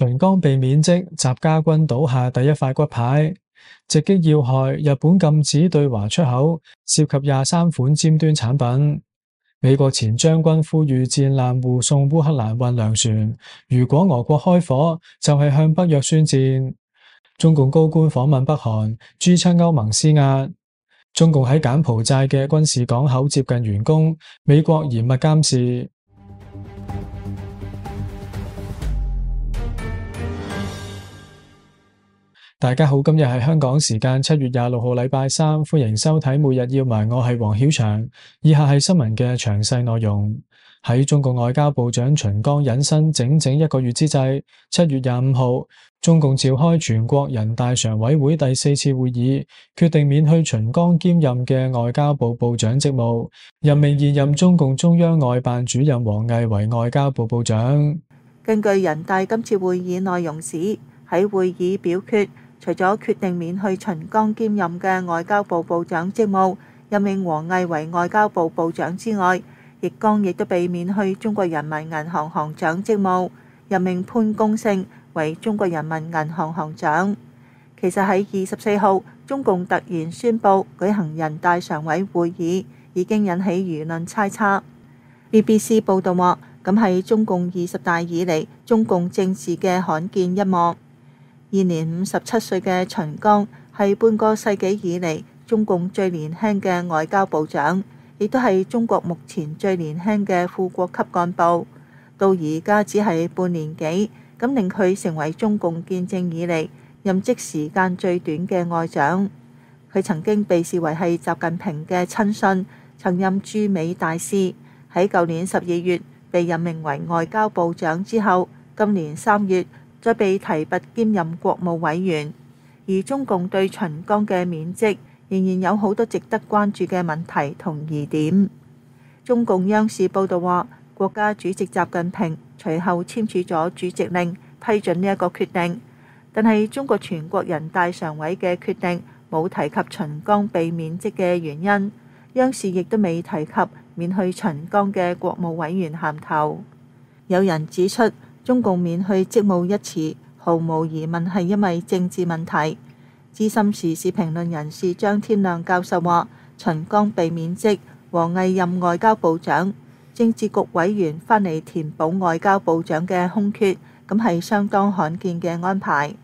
陳光被免職，集家軍倒下第一塊骨牌，直擊要害。日本禁止對華出口，涉及廿三款尖端產品。美國前將軍呼籲戰艦護送烏克蘭運糧船，如果俄國開火，就係、是、向北約宣戰。中共高官訪問北韓，朱稱歐盟施壓。中共喺柬埔寨嘅軍事港口接近完工，美國嚴密監視。大家好，今日係香港時間七月廿六號禮拜三，歡迎收睇每日要聞，我係黃曉翔。以下係新聞嘅詳細內容：喺中共外交部長秦剛隱身整整一個月之際，七月廿五號，中共召開全國人大常委會第四次會議，決定免去秦剛兼任嘅外交部部長職務，任命現任中共中央外辦主任王毅為外交部部長。根據人大今次會議內容史，喺會議表決。除咗決定免去秦剛兼任嘅外交部部長職務，任命王毅為外交部部長之外，易綱亦都被免去中國人民銀行行長職務，任命潘功勝為中國人民銀行行長。其實喺二十四號，中共突然宣布舉行人大常委會議，已經引起輿論猜測。BBC 報導話，咁係中共二十大以嚟，中共政治嘅罕見一幕。現年五十七歲嘅秦剛係半個世紀以嚟中共最年輕嘅外交部長，亦都係中國目前最年輕嘅副國級幹部。到而家只係半年幾，咁令佢成為中共建政以嚟任職時間最短嘅外長。佢曾經被視為係習近平嘅親信，曾任駐美大使。喺舊年十二月被任命為外交部長之後，今年三月，再被提拔兼任國務委員，而中共對秦剛嘅免職仍然有好多值得關注嘅問題同疑點。中共央視報道話國家主席習近平隨後簽署咗主席令批准呢一個決定，但係中國全國人大常委嘅決定冇提及秦剛被免職嘅原因，央視亦都未提及免去秦剛嘅國務委員銜頭。有人指出。中共免去職務一詞毫無疑問係因為政治問題。資深時事評論人士張天亮教授話，秦剛被免職，王毅任外交部長，政治局委員翻嚟，填補外交部長嘅空缺，咁係相當罕見嘅安排。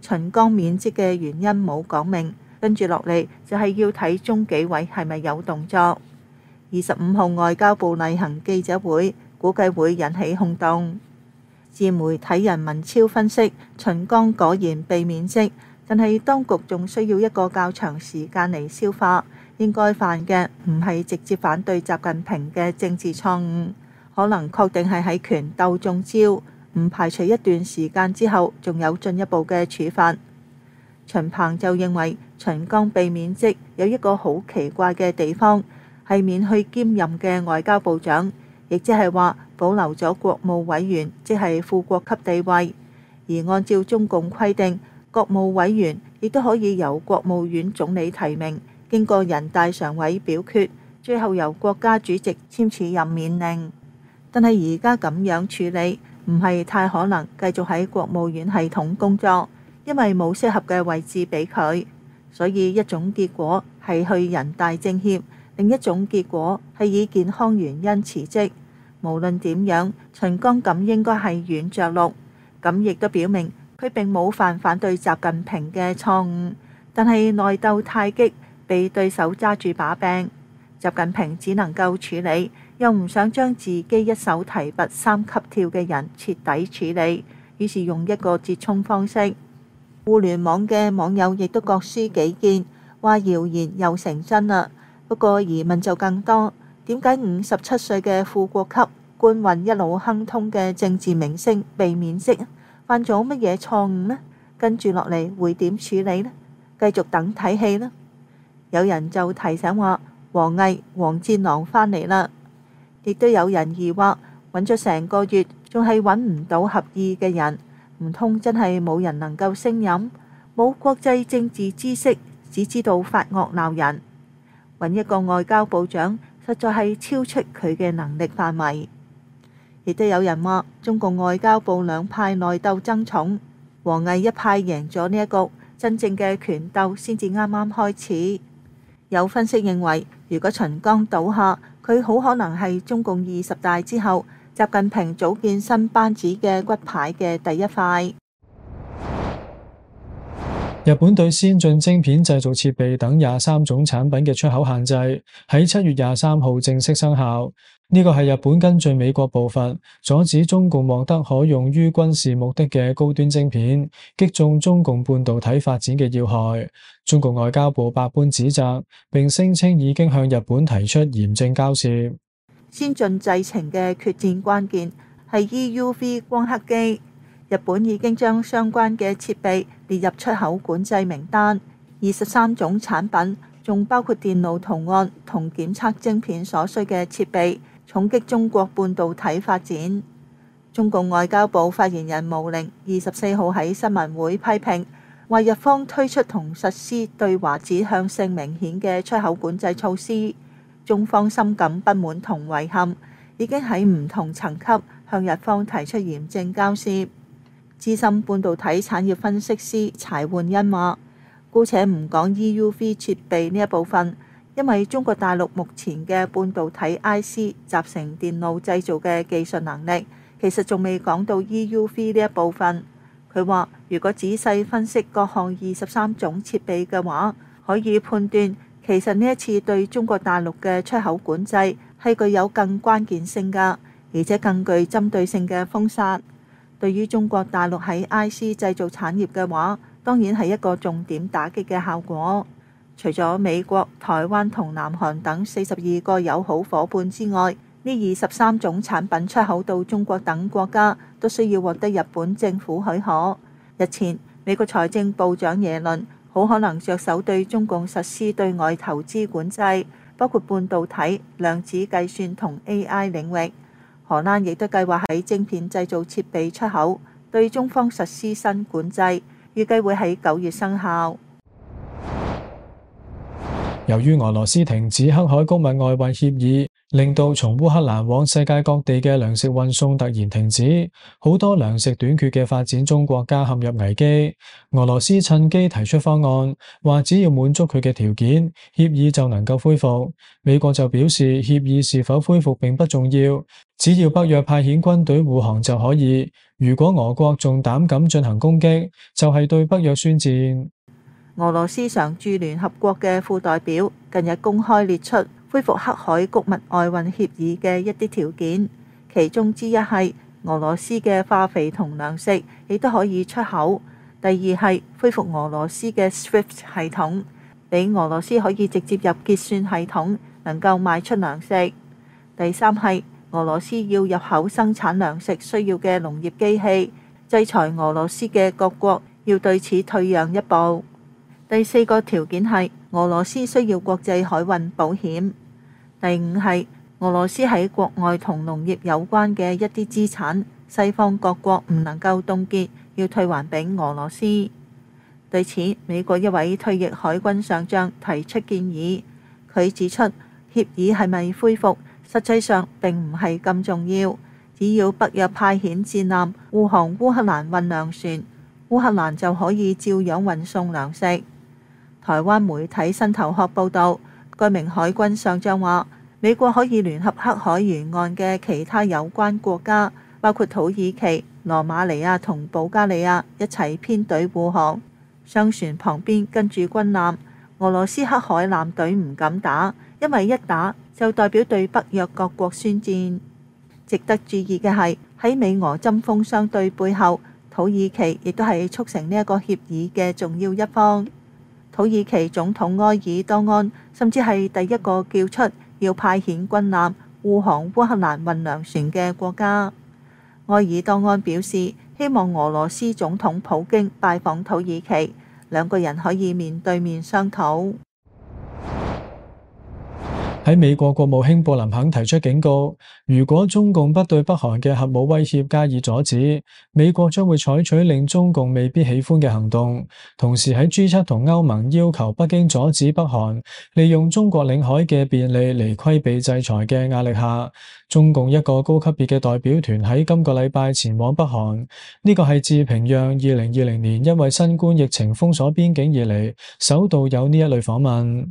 秦剛免職嘅原因冇講明，跟住落嚟就係要睇中紀委係咪有動作。二十五號外交部例行記者會估計會引起轟動。自媒體人民超分析秦剛果然被免職，但係當局仲需要一個較長時間嚟消化。應該犯嘅唔係直接反對習近平嘅政治錯誤，可能確定係喺權鬥中招，唔排除一段時間之後仲有進一步嘅處罰。秦鵬就認為秦剛被免職有一個好奇怪嘅地方，係免去兼任嘅外交部長，亦即係話，保留咗國務委員，即係副國級地位。而按照中共規定，國務委員亦都可以由國務院總理提名，經過人大常委表決，最後由國家主席簽署任免令。但係而家咁樣處理，唔係太可能繼續喺國務院系統工作，因為冇適合嘅位置俾佢。所以一種結果係去人大政協，另一種結果係以健康原因辭職。無論點樣，秦剛咁應該係軟着陸，咁亦都表明佢並冇犯反對習近平嘅錯誤，但係內鬥太激，被對手揸住把柄，習近平只能夠處理，又唔想將自己一手提拔三級跳嘅人徹底處理，於是用一個折衷方式。互聯網嘅網友亦都各抒己見，話謠言又成真啦，不過疑問就更多，點解五十七歲嘅副國級？官運一路亨通嘅政治明星被免職，犯咗乜嘢錯誤呢？跟住落嚟會點處理呢？繼續等睇戲啦。有人就提醒話：王毅、王戰狼翻嚟啦，亦都有人疑惑揾咗成個月，仲係揾唔到合意嘅人，唔通真係冇人能夠勝任，冇國際政治知識，只知道發惡鬧人，揾一個外交部長，實在係超出佢嘅能力範圍。亦都有人話，中共外交部兩派內鬥爭寵，王毅一派贏咗呢一局，真正嘅權鬥先至啱啱開始。有分析認為，如果秦剛倒下，佢好可能係中共二十大之後習近平組建新班子嘅骨牌嘅第一塊。日本對先進晶片製造設備等廿三種產品嘅出口限制喺七月廿三號正式生效。呢個係日本跟進美國步伐，阻止中共獲得可用於軍事目的嘅高端晶片，擊中中共半導體發展嘅要害。中共外交部百般指責，並聲稱已經向日本提出嚴正交涉。先進製程嘅決戰關鍵係 EUV 光刻機。日本已經將相關嘅設備列入出口管制名單，二十三種產品，仲包括電腦圖案同檢測晶片所需嘅設備，重擊中國半導體發展。中共外交部發言人毛寧二十四號喺新聞會批評，話日方推出同實施對華指向性明顯嘅出口管制措施，中方深感不滿同遺憾，已經喺唔同層級向日方提出嚴正交涉。資深半導體產業分析師柴煥欣話，姑且唔講 EUV 設備呢一部分，因為中國大陸目前嘅半導體 IC 集成電路製造嘅技術能力其實仲未講到 EUV 呢一部分。佢話，如果仔細分析各項二十三種設備嘅話，可以判斷其實呢一次對中國大陸嘅出口管制係具有更關鍵性㗎，而且更具針對性嘅封殺。對於中國大陸喺 IC 製造產業嘅話，當然係一個重點打擊嘅效果。除咗美國、台灣同南韓等四十二個友好伙伴之外，呢二十三種產品出口到中國等國家都需要獲得日本政府許可。日前，美國財政部長耶倫好可能着手對中共實施對外投資管制，包括半導體、量子計算同 AI 領域。荷蘭亦都計劃喺晶片製造設備出口對中方實施新管制，預計會喺九月生效。由於俄羅斯停止黑海公民外運協議。令到從烏克蘭往世界各地嘅糧食運送突然停止，好多糧食短缺嘅發展中國家陷入危機。俄羅斯趁機提出方案，話只要滿足佢嘅條件，協議就能夠恢復。美國就表示，協議是否恢復並不重要，只要北約派遣軍隊護航就可以。如果俄國仲膽敢進行攻擊，就係對北約宣戰。俄羅斯常駐聯合國嘅副代表近日公開列出恢復黑海穀物外運協議嘅一啲條件，其中之一係俄羅斯嘅化肥同糧食亦都可以出口；第二係恢復俄羅斯嘅 Swift 系統，俾俄羅斯可以直接入結算系統，能夠賣出糧食；第三係俄羅斯要入口生產糧食需要嘅農業機器，制裁俄羅斯嘅各國要對此退讓一步。第四個條件係俄羅斯需要國際海運保險。第五係俄羅斯喺國外同農業有關嘅一啲資產，西方各國唔能夠凍結，要退還畀俄羅斯。對此，美國一位退役海軍上將提出建議，佢指出協議係咪恢復，實際上並唔係咁重要，只要北約派遣戰艦護航烏克蘭運糧船，烏克蘭就可以照樣運送糧食。台灣媒體新頭殼報導，該名海軍上將話：美國可以聯合黑海沿岸嘅其他有關國家，包括土耳其、羅馬尼亞同保加利亞一齊編隊護航。商船旁邊跟住軍艦，俄羅斯黑海艦隊唔敢打，因為一打就代表對北約各國宣戰。值得注意嘅係，喺美俄針鋒相對背後，土耳其亦都係促成呢一個協議嘅重要一方。土耳其總統埃爾多安甚至係第一個叫出要派遣軍艦護航烏克蘭運糧船嘅國家。埃爾多安表示，希望俄羅斯總統普京拜訪土耳其，兩個人可以面對面商討。喺美國國務卿布林肯提出警告，如果中共不對北韓嘅核武威脅加以阻止，美國將會採取令中共未必喜歡嘅行動。同時喺 G7 同歐盟要求北京阻止北韓利用中國領海嘅便利嚟規避制裁嘅壓力下，中共一個高級別嘅代表團喺今個禮拜前往北韓。呢個係自平壤二零二零年因為新冠疫情封鎖邊境以嚟，首度有呢一類訪問。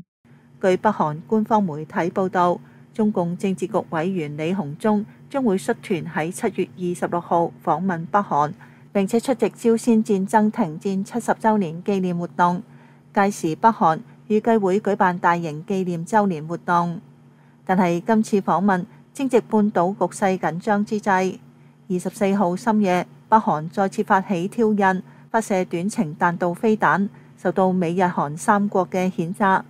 據北韓官方媒體報道，中共政治局委員李鴻忠將會率團喺七月二十六號訪問北韓，並且出席朝鮮戰爭停戰七十週年紀念活動。屆時北韓預計會舉辦大型紀念週年活動。但係今次訪問正值半島局勢緊張之際，二十四號深夜北韓再次發起挑釁，發射短程彈道飛彈，受到美日韓三國嘅譴責。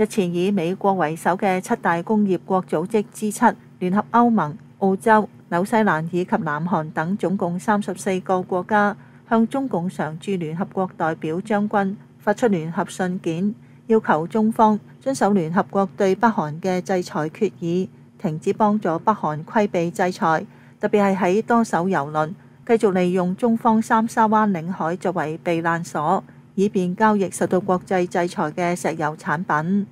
日前以美國為首嘅七大工業國組織之七，聯合歐盟、澳洲、紐西蘭以及南韓等總共三十四個國家，向中共常駐聯合國代表張軍發出聯合信件，要求中方遵守聯合國對北韓嘅制裁決議，停止幫助北韓規避制裁，特別係喺多艘油輪繼續利用中方三沙灣領海作為避難所。以便交易受到國際制裁嘅石油產品，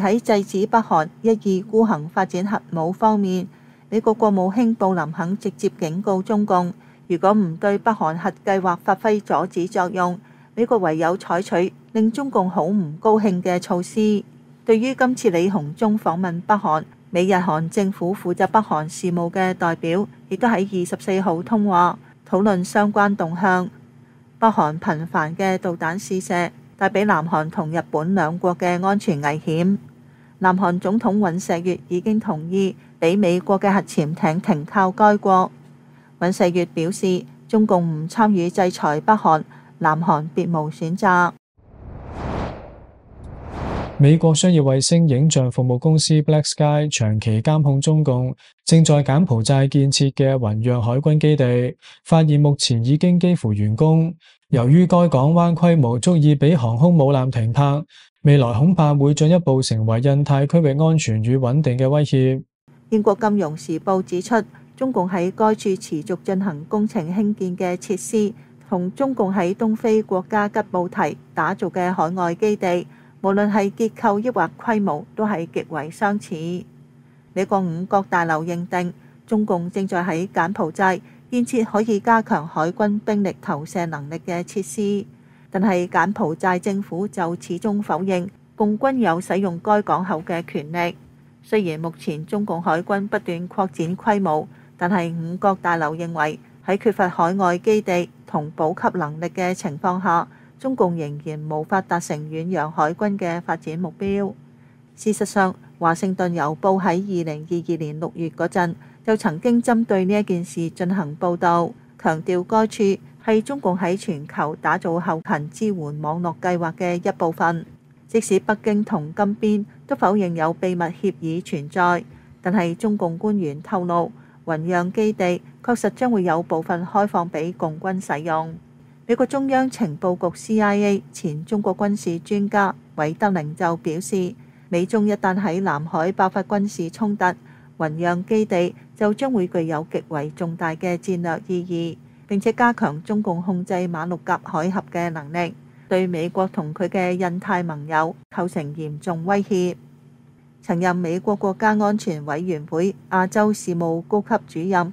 而喺制止北韓一意孤行發展核武方面，美國國務卿布林肯直接警告中共：如果唔對北韓核計劃發揮阻止作用，美國唯有採取令中共好唔高興嘅措施。對於今次李鴻忠訪問北韓，美日韓政府負責北韓事務嘅代表亦都喺二十四號通話討論相關動向。北韓頻繁嘅導彈試射帶俾南韓同日本兩國嘅安全危險。南韓總統尹錫悅已經同意俾美國嘅核潛艇停靠該國。尹錫悅表示，中共唔參與制裁北韓，南韓別無選擇。美國商業衛星影像服務公司 Black Sky 長期監控中共正在柬埔寨建設嘅雲壤海軍基地，發現目前已經幾乎完工。由於該港灣規模足以俾航空母艦停泊，未來恐怕會進一步成為印太區域安全與穩定嘅威脅。英國金融時報指出，中共喺該處持續進行工程興建嘅設施，同中共喺東非國家吉布提打造嘅海外基地。無論係結構抑或規模，都係極為相似。美國五角大樓認定，中共正在喺柬埔寨建設可以加強海軍兵力投射能力嘅設施，但係柬埔寨政府就始終否認共軍有使用該港口嘅權力。雖然目前中共海軍不斷擴展規模，但係五角大樓認為喺缺乏海外基地同補給能力嘅情況下。中共仍然無法達成遠洋海軍嘅發展目標。事實上，《華盛頓郵報》喺二零二二年六月嗰陣就曾經針對呢一件事進行報道，強調該處係中共喺全球打造後勤支援網絡計劃嘅一部分。即使北京同金邊都否認有秘密協議存在，但係中共官員透露，雲壤基地確實將會有部分開放俾共軍使用。美國中央情報局 CIA 前中國軍事專家韋德寧就表示，美中一旦喺南海爆發軍事衝突，雲壤基地就將會具有極為重大嘅戰略意義，並且加強中共控制馬六甲海峽嘅能力，對美國同佢嘅印太盟友構成嚴重威脅。曾任美國國家安全委員會亞洲事務高級主任。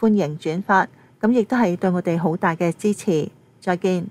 歡迎轉發，咁亦都係對我哋好大嘅支持。再見。